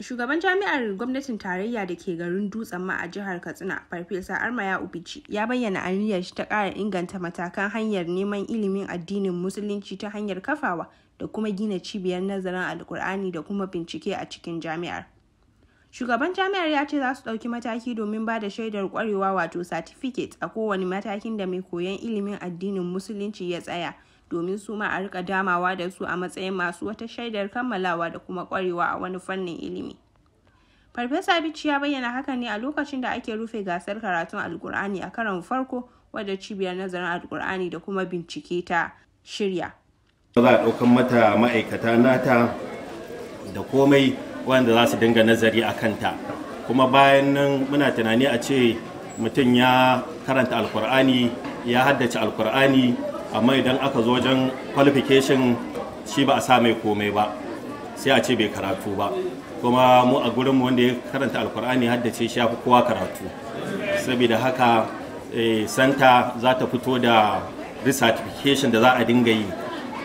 Shugaban jami'ar gwamnatin tarayya da ke garin Dutsen ma a jihar Katsina, Farfesa Armaya Ubici, ya bayyana aniyar shi ta ƙara inganta matakan hanyar neman ilimin addinin Musulunci ta hanyar kafawa da kuma gina cibiyar nazarin Alkur'ani da kuma bincike a cikin jami'ar. Shugaban jami'ar ya ce za su ɗauki mataki domin ba da shaidar ƙwarewa wato certificate a kowane matakin da mai koyon ilimin addinin Musulunci ya tsaya. domin su ma a rika damawa da su a matsayin masu wata shaidar kammalawa da kuma kwarewa a wani fannin ilimi. Farfesa Bichi ya bayyana haka ne a lokacin da ake rufe gasar karatun Alkur'ani a karon farko wadda cibiyar nazarin Alkur'ani da kuma bincike ta shirya. Za a ɗaukan mata ma'aikata nata da komai wanda za su dinga nazari a kanta. Kuma bayan nan muna tunani a ce mutum ya karanta Alkur'ani, ya haddace Alkur'ani, amma idan aka zo wajen qualification shi ba a sa mai komai ba sai a ce bai karatu ba kuma mu a gurin mu wanda ya karanta alkur'ani haddace shi ya fi kowa karatu saboda haka santa eh, za ta fito da recertification da za a dinga yi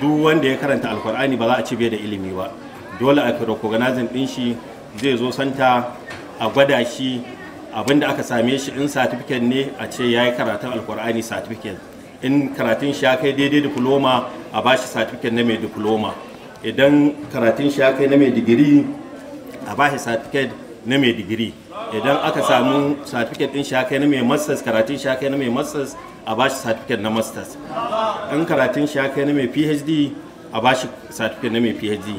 duk wanda ya karanta alkur'ani ba za a ci bai da ilimi ba dole a recognizing din shi zai zo santa a gwada shi abinda aka same shi in certificate ne a ce ya yi karatun alkur'ani certificate in karatun shi ya kai daidai diploma a shi satifiket na mai diploma idan karatun shi ya kai na mai digiri a ba shi satifiket na mai digiri idan aka samu satifiket din shi ya kai na mai masters karatun shi ya kai na mai masters a ba shi satifiket na masters in karatun shi ya kai na mai phd a ba shi satifiket na mai phd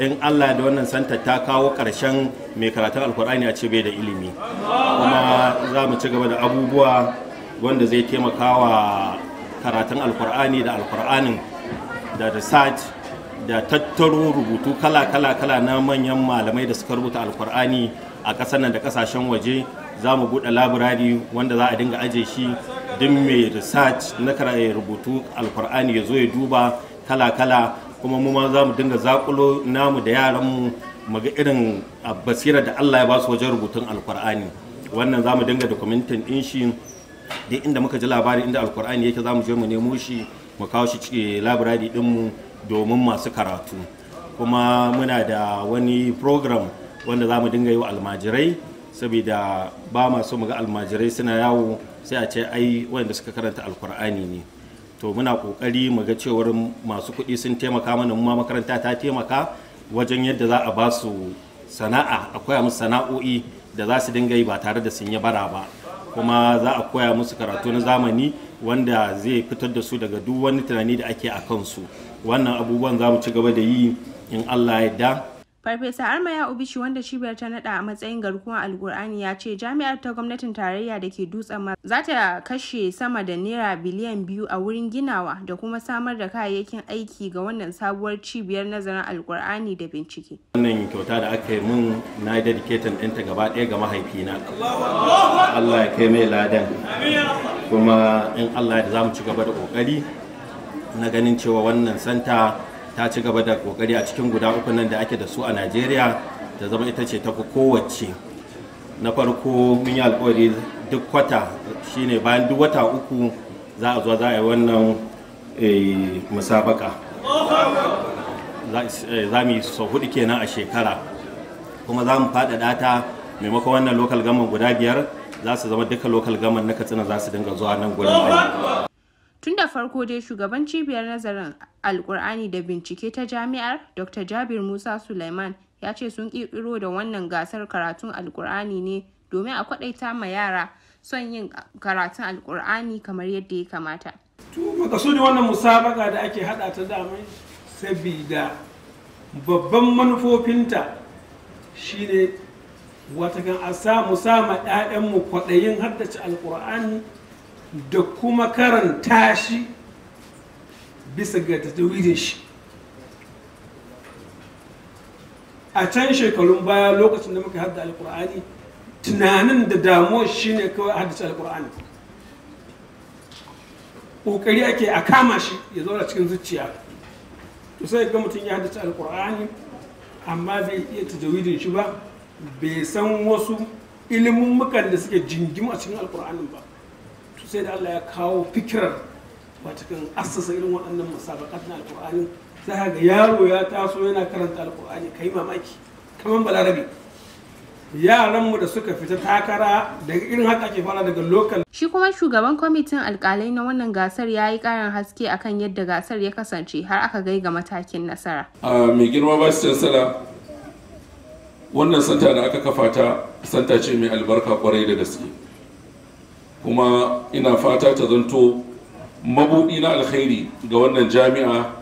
in allah da wannan santa ta kawo karshen mai karatun alkur'ani a ce bai da ilimi kuma za mu ci gaba da abubuwa wanda zai taimaka wa karatun alkur'ani da alkur'anin da research da tattaro rubutu kala-kala-kala na manyan malamai da suka rubuta alkur'ani a ƙasar nan da ƙasashen waje za mu buɗe labirari wanda za a dinga aje shi Din mai research na karaye eh, rubutu alkur'ani ya zo ya duba kala-kala kuma mu ma za mu dinga zakulo namu da yaran mu ga irin basira da Allah ya ba su wajen rubutun alkur'ani wannan za mu dinga dokumentin din shi duk inda muka ji labari inda alkur'ani yake zamu je mu nemo shi mu kawo shi labirari mu domin masu karatu kuma muna da wani program wanda zamu dinga yi wa almajirai saboda ba masu muga almajirai suna yawo sai a ce ai wanda suka karanta alkur'ani ne to muna kokari mu ga cewar masu kuɗi sun taimaka mana mu ma makaranta ta taimaka wajen yadda za a ba su sana'a akwai musu sana'o'i da za su dinga yi ba tare da sun yi bara ba kuma za a koya musu karatu na zamani wanda zai fitar da su daga duk wani tunani da ake a kansu wannan abubuwan za mu ci gaba da yi in allah ya da Farfesa Armaya Obishi wanda cibiyar ta nada a matsayin garkuwar Alkur'ani ya ce jami'ar ta gwamnatin tarayya da ke dutsen ma za ta kashe sama da naira biliyan biyu a wurin ginawa da kuma samar da kayayyakin aiki ga wannan sabuwar cibiyar nazarin Alkur'ani da bincike. Wannan kyauta da aka yi mun na dedicated ɗinta gaba ɗaya ga mahaifina. Allah ya kai mai ladan. Kuma in Allah ya da za mu ci gaba da ƙoƙari na ganin cewa wannan santa ta ci gaba da kokari a cikin guda uku nan da ake da su a najeriya ta zama ita ce ta fi kowace na farko mun yi alkawari duk kwata shine bayan duk wata uku za a zo za a yi wannan eh, musabaka eh, za mu yi sau hudu kenan a shekara kuma za mu faɗaɗa ta maimakon wannan lokal gaman guda biyar za su zama duka lokal gaman na katsina za su dinga zuwa nan gurin Tun da farko dai shugaban cibiyar nazarin Alkur'ani da bincike ta jami'ar Dr. Jabir Musa Sulaiman ya ce sun ƙirƙiro da wannan gasar karatun Alkur'ani ne domin a kwaɗaita ma yara son yin karatun Alkur'ani kamar yadda ya kamata. Tuba ka da wannan musabaka da ake haɗa ta damai sabida babban manufofinta shine watakan a samu sama 'ya'yanmu kwaɗayin haddace Alkur'ani da kuma karanta shi bisa ga tattawirin shi a can shekarun baya lokacin da muka hada alkur'ani tunanin da damuwa shi ne kawai haddace alkur'ani ƙoƙari ake a kama shi ya zauna cikin zuciya to sai ga mutum ya haddace alkur'ani amma bai iya tajawidin shi ba bai san wasu ilimin da suke jingim a cikin alkur'anin ba sai da Allah ya kawo fikirar matakan assasa irin waɗannan musabakat na alƙur'ani sai ga yaro ya taso yana karanta alƙur'ani kai mamaki kamar balarabe yaranmu da suka fita takara daga irin haka ake fara daga lokal. Shi kuma shugaban kwamitin alkalai na wannan gasar ya yi karin haske akan yadda gasar ya kasance har aka gai ga matakin nasara. mai girma ba cansala wannan santa da aka kafa ta santa ce mai albarka kwarai da gaske. kuma ina fata ta zanto mabuɗi na alkhairi ga wannan jami'a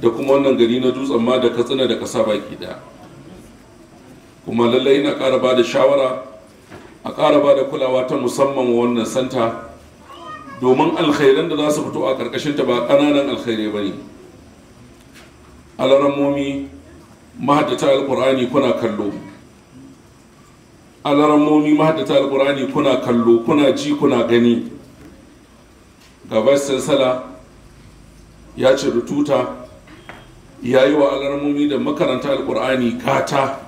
da kuma wannan gari na dutsen ma da katsina da ƙasa baki ɗaya kuma lallai ina ƙara ba da shawara a ƙara ba da kulawa ta musamman wannan santa domin alkhairan da za su fito a ƙarƙashinta ba ƙananan alkhairai ba ne alarammomi mahaddata alƙur'ani kuna kallo alaramoni mahaddata alkurani kuna kallo kuna ji kuna gani ga vice chancellor ya ce rututa ya yi wa alarmomi da makaranta alkur'ani gata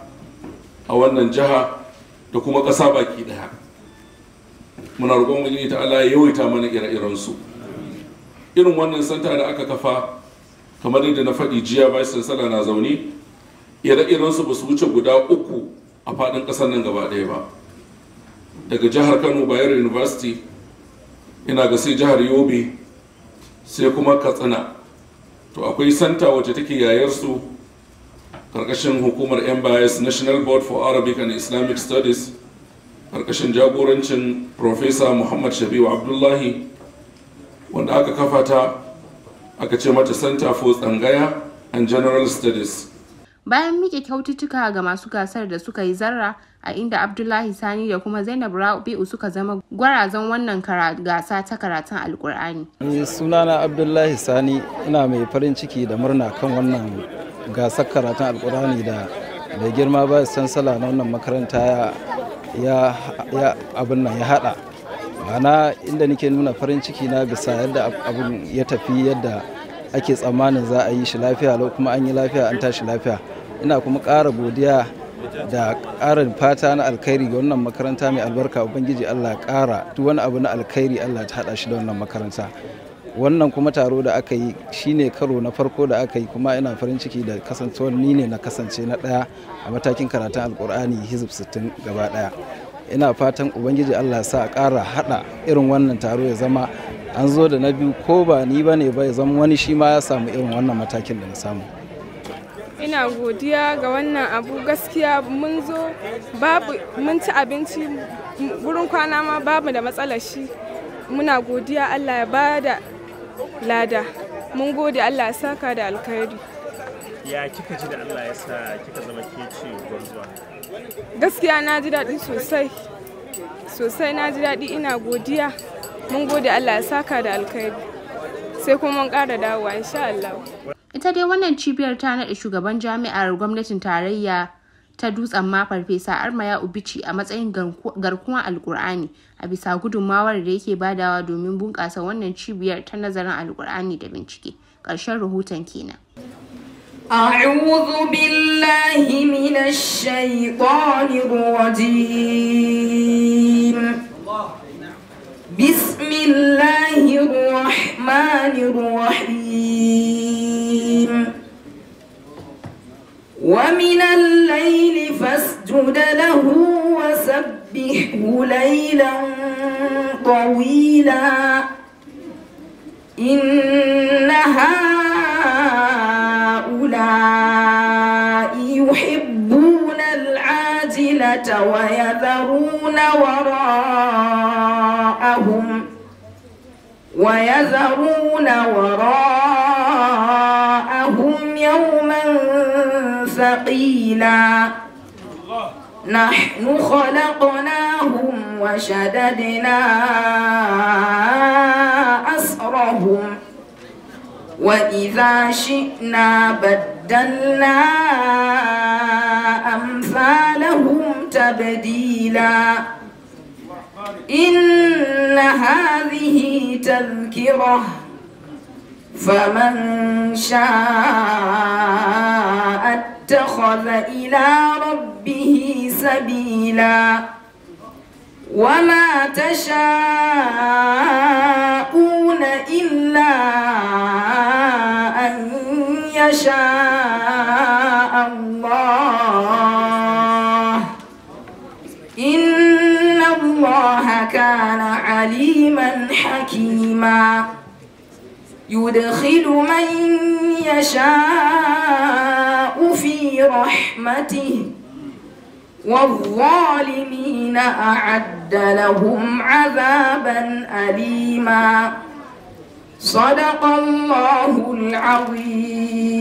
a wannan jiha da kuma ƙasa baki ɗaya muna roƙon wajen ta ala ya yawaita mana ire-irensu irin wannan santa da aka kafa kamar yadda na faɗi jiya bai sansala na zaune ire-irensu ba su wuce guda uku a faɗin ƙasar nan gaba ɗaya ba daga jihar kano bayar university ina ga sai jihar yobe sai kuma katsina to akwai santa wacce take yayarsu ƙarƙashin hukumar mbis national board for arabic and islamic studies ƙarƙashin jagorancin professor muhammad shabiu abdullahi wanda aka kafa ta aka ce mata center for tsangaya and general studies bayan mike kyaututtuka ga masu gasar da suka yi zarra a inda abdullahi sani da kuma zainab rabi'u suka zama gwarazan wannan gasa ta karatun alkur'ani sunana abdullahi sani ina mai farin ciki da murna kan wannan gasar karatun alkur'ani da mai girma ba sansala na wannan makaranta ya abin nan ya hada ma'ana inda nake nuna farin ciki na bisa yadda abin ya tafi yadda ake tsammanin za a yi shi lafiya lau kuma an yi lafiya an tashi lafiya ina kuma ƙara godiya da ƙarin fata na alkhairi ga wannan makaranta mai albarka ubangiji allah ƙara duk wani abu na alkhairi allah ta haɗa shi da wannan makaranta wannan kuma taro da aka yi shine karo na farko da aka yi kuma ina farin ciki da kasancewar ni ne na kasance na ɗaya a matakin karatun alkur'ani hizib 60 gaba ɗaya ina fatan ubangiji allah sa a ƙara haɗa irin wannan taro ya zama an zo da na biyu ko ba ni ba ne ba ya zama wani shi ma ya samu irin wannan matakin da na samu ina godiya ga wannan abu gaskiya mun zo babu mun ci abinci wurin kwana ma babu da matsalar shi muna godiya allah ya bada lada mun gode allah ya saka da alkhairi ya kika ji da allah ya sa kika zama ke ci gaskiya na ji daɗi sosai sosai na ji daɗi ina godiya mun gode allah ya saka da alkhairi sai kuma mun ƙara dawowa insha allah ita dai wannan cibiyar ta naɗa shugaban jami'ar gwamnatin tarayya ta dutsen ma farfesa armaya ubici a matsayin garkuwan alkur'ani a bisa gudunmawar da yake badawa domin bunƙasa wannan cibiyar ta nazarin alkur'ani da bincike ƙarshen rahoton kenan أعوذ بالله من الشيطان الرجيم بسم الله الرحمن الرحيم ومن الليل فاسجد له وسبحه ليلا طويلا إن هؤلاء يحبون العاجلة ويذرون وراءهم ويذرون وراءهم يوم ثقيلا نحن خلقناهم وشددنا أسرهم وإذا شئنا بدلنا أمثالهم تبديلا إن هذه تذكرة فمن شاء اتخذ إلى ربه سبيلا وما تشاءون إلا أن يشاء الله إن الله كان عليما حكيما يدخل من يشاء في رحمته والظالمين أعد لهم عذابا أليما صدق الله العظيم